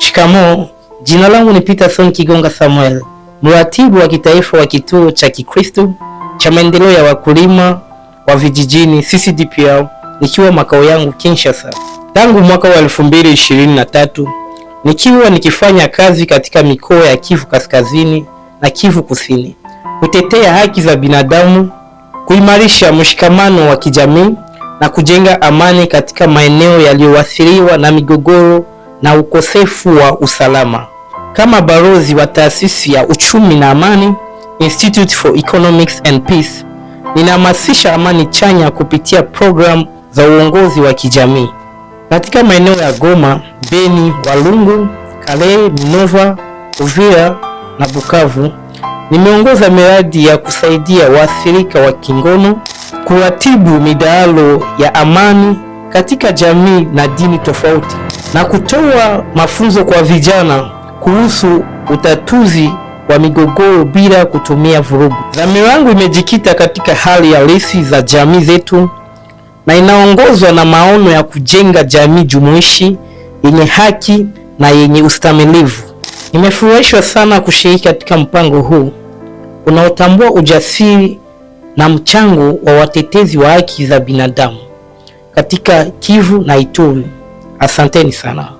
Shikamoo, jina langu ni Peterson Kigonga Samuel, mratibu wa kitaifa wa kituo cha Kikristo cha maendeleo ya wakulima wa vijijini CCDPL, nikiwa makao yangu Kinshasa tangu mwaka wa 2023 nikiwa nikifanya kazi katika mikoa ya Kivu Kaskazini na Kivu Kusini kutetea haki za binadamu, kuimarisha mshikamano wa kijamii na kujenga amani katika maeneo yaliyoathiriwa na migogoro na ukosefu wa usalama. Kama balozi wa taasisi ya uchumi na amani, Institute for Economics and Peace, ninahamasisha amani chanya kupitia programu za uongozi wa kijamii katika maeneo ya Goma, Beni, Walungu, Kalehe, Minova, Uvira na Bukavu. Nimeongoza miradi ya kusaidia waathirika wa kingono, kuratibu midahalo ya amani katika jamii na dini tofauti na kutoa mafunzo kwa vijana kuhusu utatuzi wa migogoro bila kutumia vurugu. Dhamira yangu imejikita katika hali halisi za jamii zetu na inaongozwa na maono ya kujenga jamii jumuishi yenye haki na yenye ustamilivu. Nimefurahishwa sana kushiriki katika mpango huu unaotambua ujasiri na mchango wa watetezi wa haki za binadamu katika Kivu na Ituri. Asanteni sana.